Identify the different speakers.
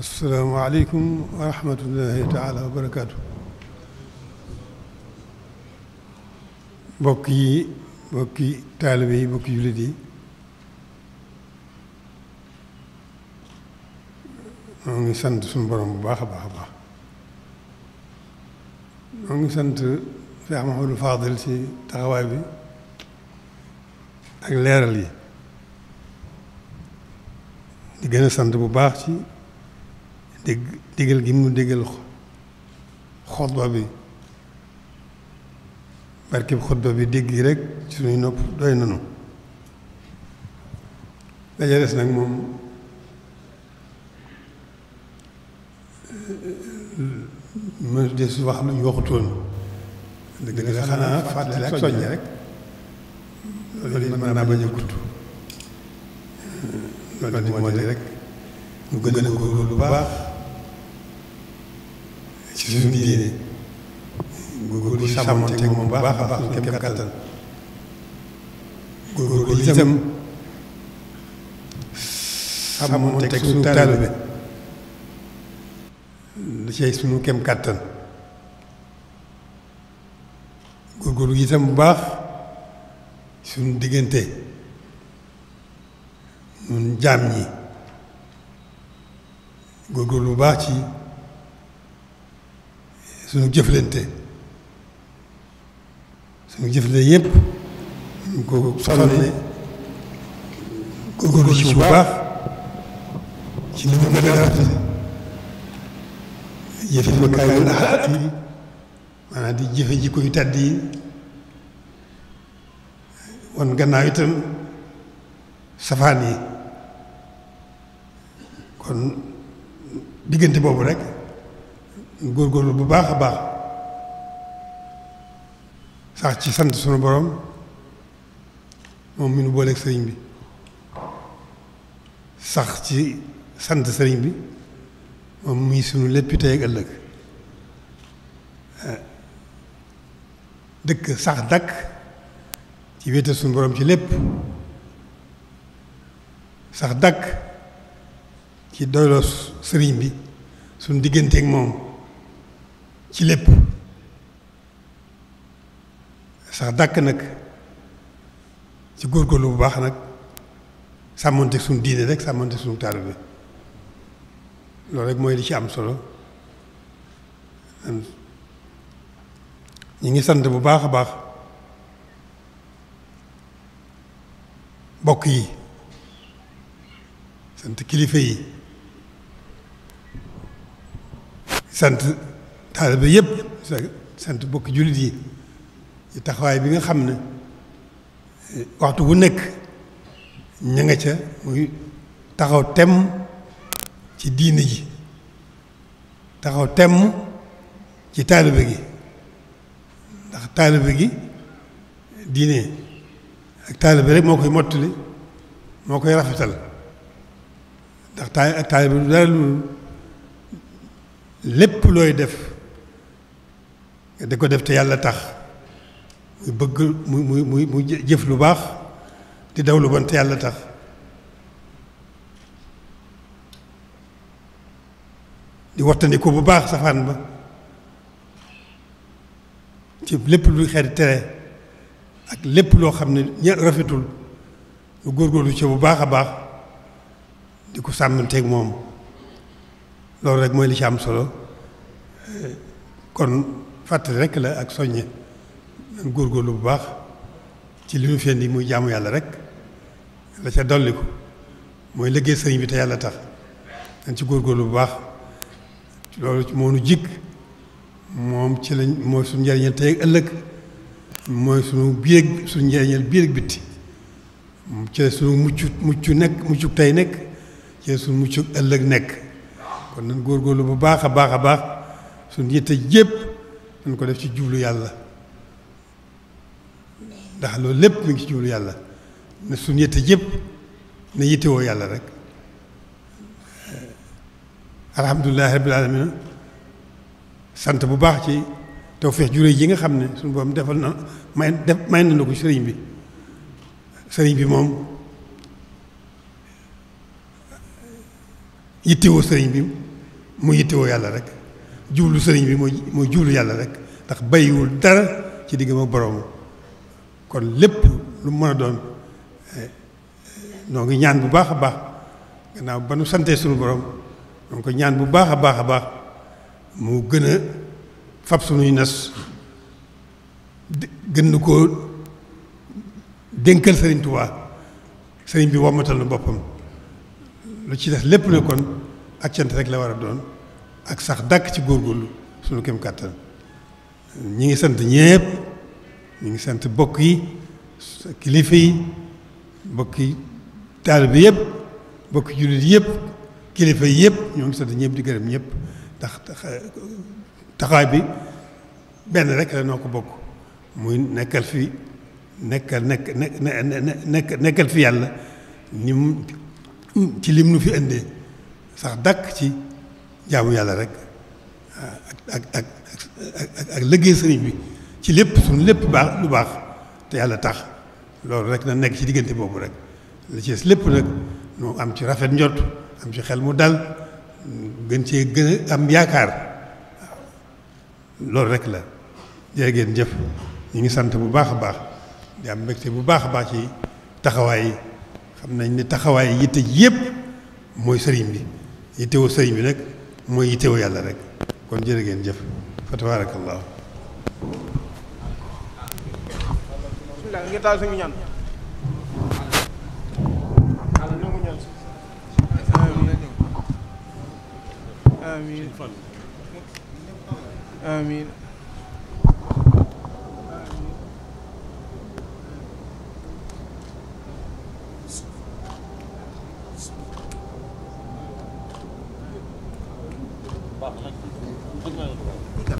Speaker 1: asalaamaaleykum wa rahmatullahi taala wa barakaatu mbokk yi mbokki taalibe yi mbokki jullit yi ñoo ngi sant suñu borom bu baax a baax a baax ñoo ngi sant Cheikh Mahamadou Fadil si taxawaay bi ak leeral yi gën sant bu baax ci dégg digal gi mu digal xutba bi barkeb xutba bi dégg yi rek suñuy nopp doy nanu daja nag moom mën des wax lu ñu waxutoon dëgg xanaa fàttali ak soññi rek loolu it mën naa bañ a gudd loolu moo di rek ñu gën a góorgóorlu bu baax ci suñu diine góorgóorlu sàmmonte moom bu baax a baax suñu kem kàttan góorgóorlu itam sàmmonte suñu bu baax suñu diggante ñun jaam ñi góorgóorlu bu baax ci sunu jëflante sunu jëflante yépp ñu ko sànni góorgóorlu ci bu baax ci li gën a rafet jëfe di jëfe jikko yu tàdd wan gannaaw itam safaan yi kon diggante boobu rek góorgóorlu bu baax a baax sax ci sant sunu borom moom mi nu booleeg sëriñ bi sax ci sant sëriñ bi moom muy sunu léppi tey ak ëllëg dëkk sax dàkk ci wéetal sunu borom ci lépp sax dàkk ci doyloo sëriñ bi suñ digganteek moom ci lépp sax dàkk nag ci góorgóorlu bu baax nag sàmmonte suñ diine rek sàmmonte suñu taalu bi loolu rek mooy li ci am solo ñu ngi sant bu baax a baax bokk yi sant kilifa yi sant taalibe yëpp sant bokk jullit yi ci taxawaay bi nga xam ne waxtu wu nekk ña nga ca taxaw tem ci diine ji taxaw temm ci taalibe gi ndax taalibe gi diine ak taalibe rek moo koy mottali moo koy rafetal ndax taalibe du dara lu lépp looy def di ko def te yàlla tax muy bëgg muy mu mu mu jëf lu baax di daw lu bon te yàlla tax di wattandiku bu baax safaan ba ci lépp luy xeeti tere ak lépp loo xam ne ña rafetul lu góorgóorlu ci bu baax a baax di ko sàmmanteeg moom loolu rek mooy li ci am solo kon fàttali rek la ak soññe nan góorgóorlu bu baax ci li ñu feen muy jaamu yàlla rek la ca dolli ko mooy liggéey sëriñ bi te yàlla tax dañ ci góorgóorlu bu baax loolu moo nu jikk moom ci lañ mooy su njëriñal tey ak ëllëg mooy suñu biir suñu njëriñal biir ak bitti ci suñu mucc mucc nekk muccuk tey nekk ci su muccuk ëllëg nekk kon nan góorlu bu baax a baax a baax suñ yitte jépp nañ ko def ci jublu yàlla ndax loolu lépp mu ngi ci jublu yàlla su suñ yitte jépp ne yittewoo yàlla rek alhamdulilahi rabbil alamin sant bu baax ci tawfeex juré ji nga xam ne suñu borom defal na may def may nañu ko sëriñ bi sëriñ bi moom yittewoo sëriñ bi mu yittewoo yàlla rek jublu sëriñ bi mooy mooy jublu yàlla rek ndax bàyyiwul dara ci digg ma boroom kon lépp lu mën a doon eh, noo ngi ñaan bu baax a baax gannaaw ba nu santee suñu borom noo ko ñaan bu baax a baax a baax mu gën a fab suñuy nas gën na koo dénkal sëriñ Tuubaa sëriñ bi wommatal na boppam lu ci des lépp lu kon ak cant rek la war a doon ak sax dàkk ci góorgóorlu suñu kem kàttan ñi ngi sant ñépp ñu ngi sant bokk yi kilifa yi bokk yi taalibe yépp bokk jullit yépp kilifa yi yépp ñoo ngi sant ñépp di gërëm ñépp ndax taxawaay bi benn rek la noo ko bokk muy nekkal fi nekkal nekk nekk nekkal fi yàlla ni ci lim nu fi indee sax dàkk ci jaamu yàlla rek ak ak ak ak liggéey sëriñ bi ci lépp suñu lépp baax lu baax te yàlla tax loolu rek na nekk ci diggante boobu rek li ci lépp nag am ci rafet njort am ci xel mu dal gën cee gën a am yaakaar loolu rek la jërë ngeen jëf ñu ngi sant bu baax a baax di am ci bu baax a baax ci taxawaay xam nañ ni taxawaay yitte yépp mooy sëriñ bi yittewoo sëriñ bi nag mooy yittewoo yàlla rek kon jërë ngeen jëf fa tabaarakallaahu amiin amiin